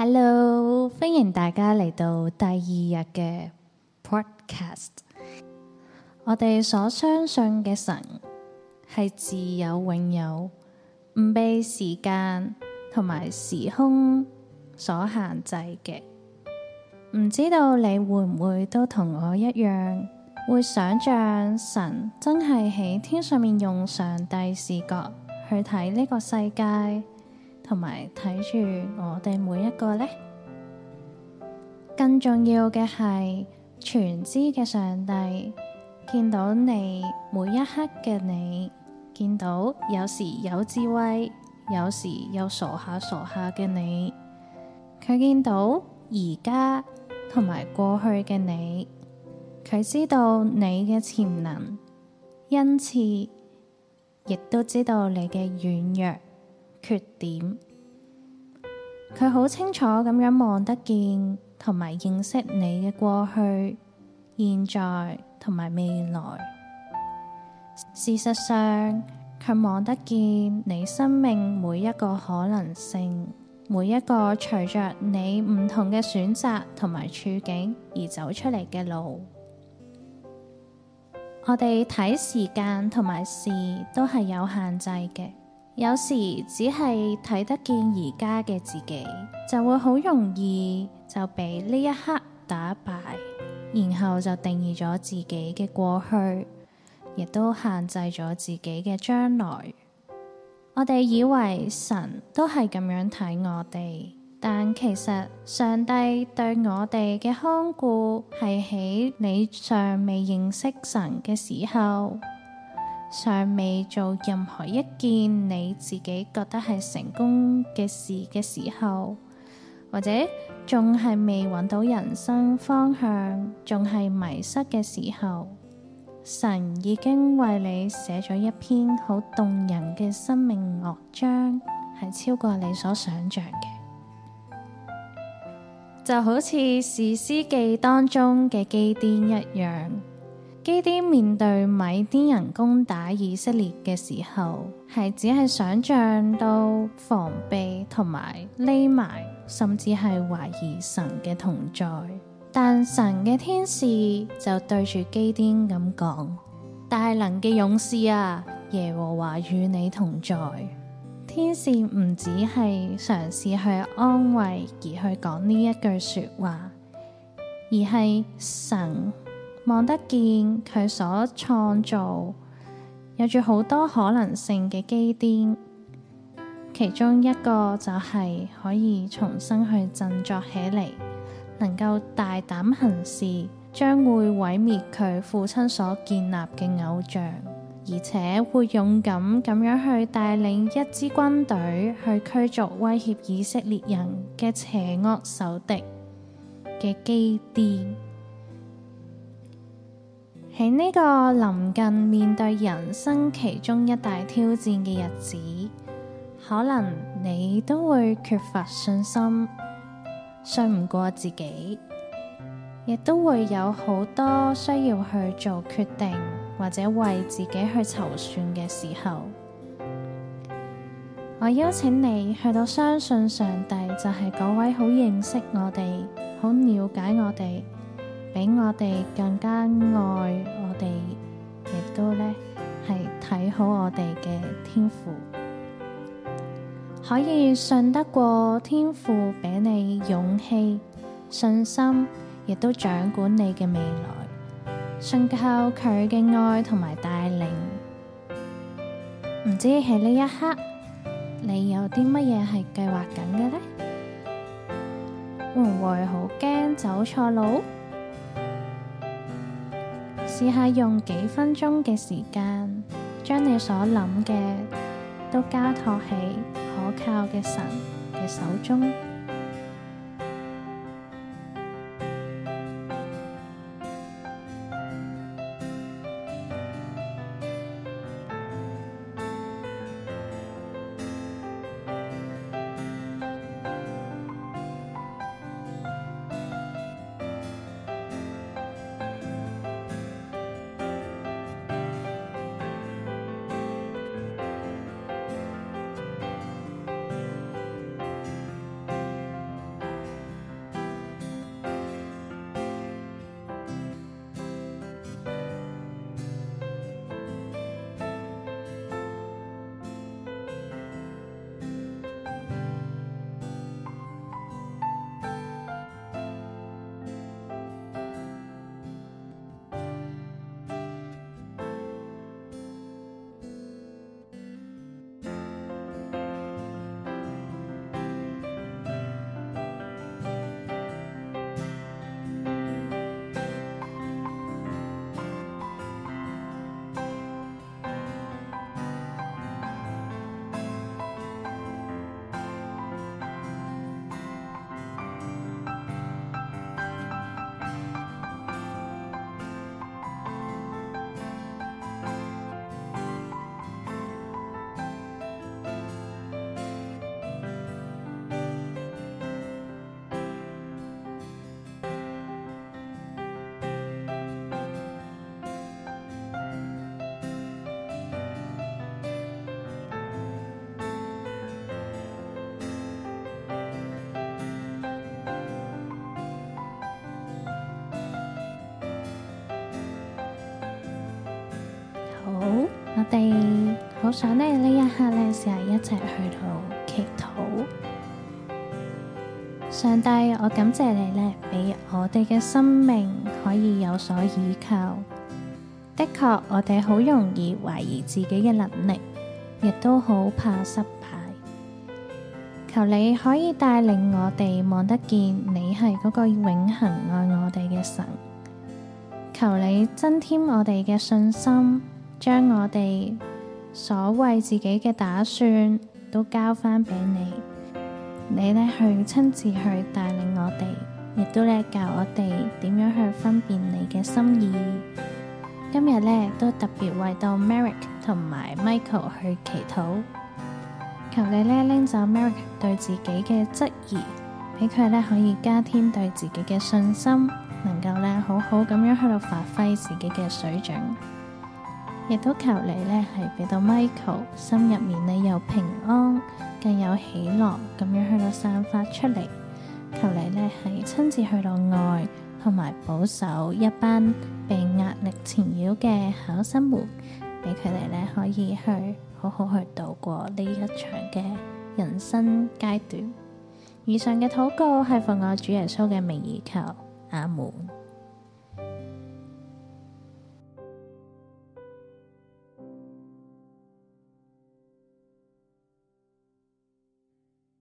Hello，歡迎大家嚟到第二日嘅 podcast。我哋所相信嘅神係自有永有，唔被時間同埋時空所限制嘅。唔知道你會唔會都同我一樣，會想象神真係喺天上面用上帝視角去睇呢個世界。同埋睇住我哋每一個呢，更重要嘅係全知嘅上帝見到你每一刻嘅你，見到有時有智慧，有時又傻下傻下嘅你，佢見到而家同埋過去嘅你，佢知道你嘅潛能，因此亦都知道你嘅軟弱缺點。佢好清楚咁樣望得見，同埋認識你嘅過去、現在同埋未來。事實上，佢望得見你生命每一個可能性，每一個隨着你唔同嘅選擇同埋處境而走出嚟嘅路。我哋睇時間同埋事都係有限制嘅。有時只係睇得見而家嘅自己，就會好容易就俾呢一刻打敗，然後就定義咗自己嘅過去，亦都限制咗自己嘅將來。我哋以為神都係咁樣睇我哋，但其實上帝對我哋嘅看顧係喺你尚未認識神嘅時候。尚未做任何一件你自己覺得係成功嘅事嘅時候，或者仲係未揾到人生方向，仲係迷失嘅時候，神已經為你寫咗一篇好動人嘅生命樂章，係超過你所想象嘅，就好似《士師記》當中嘅基甸一樣。基甸面對米甸人攻打以色列嘅時候，係只係想象到防備同埋匿埋，甚至係懷疑神嘅同在。但神嘅天使就對住基甸咁講：大能嘅勇士啊，耶和華與你同在。天使唔只係嘗試去安慰，而去講呢一句說話，而係神。望得見佢所創造有住好多可能性嘅基甸。其中一個就係可以重新去振作起嚟，能夠大膽行事，將會毀滅佢父親所建立嘅偶像，而且會勇敢咁樣去帶領一支軍隊去驅逐威脅以色列人嘅邪惡仇敵嘅基甸。喺呢個臨近面對人生其中一大挑戰嘅日子，可能你都會缺乏信心，信唔過自己，亦都會有好多需要去做決定或者為自己去籌算嘅時候。我邀請你去到相信上帝，就係嗰位好認識我哋，好了解我哋。俾我哋更加愛我哋，亦都咧係睇好我哋嘅天賦，可以信得過天父俾你勇氣、信心，亦都掌管你嘅未來。信靠佢嘅愛同埋帶領，唔知喺呢一刻你有啲乜嘢係計劃緊嘅呢？會唔會好驚走錯路？試下用幾分鐘嘅時間，將你所諗嘅都交託喺可靠嘅神嘅手中。好，我哋好想呢呢一刻呢，成日一齊去到祈禱。上帝，我感謝你呢，俾我哋嘅生命可以有所依靠。的確，我哋好容易懷疑自己嘅能力，亦都好怕失敗。求你可以帶領我哋望得見，你係嗰個永恆愛我哋嘅神。求你增添我哋嘅信心。將我哋所謂自己嘅打算都交翻俾你，你呢去親自去帶領我哋，亦都咧教我哋點樣去分辨你嘅心意。今日呢都特別為到 Merrick 同埋 Michael 去祈禱，求你呢拎走 Merrick 對自己嘅質疑，俾佢呢可以加添對自己嘅信心，能夠呢好好咁樣喺度發揮自己嘅水準。亦都求你咧，係俾到 Michael 心入面咧，又平安，更有喜樂，咁樣去到散發出嚟。求你咧，係親自去到愛，同埋保守一班被壓力纏繞嘅考生們，俾佢哋咧可以去好好去度過呢一場嘅人生階段。以上嘅禱告係奉我主耶穌嘅名而求，阿門。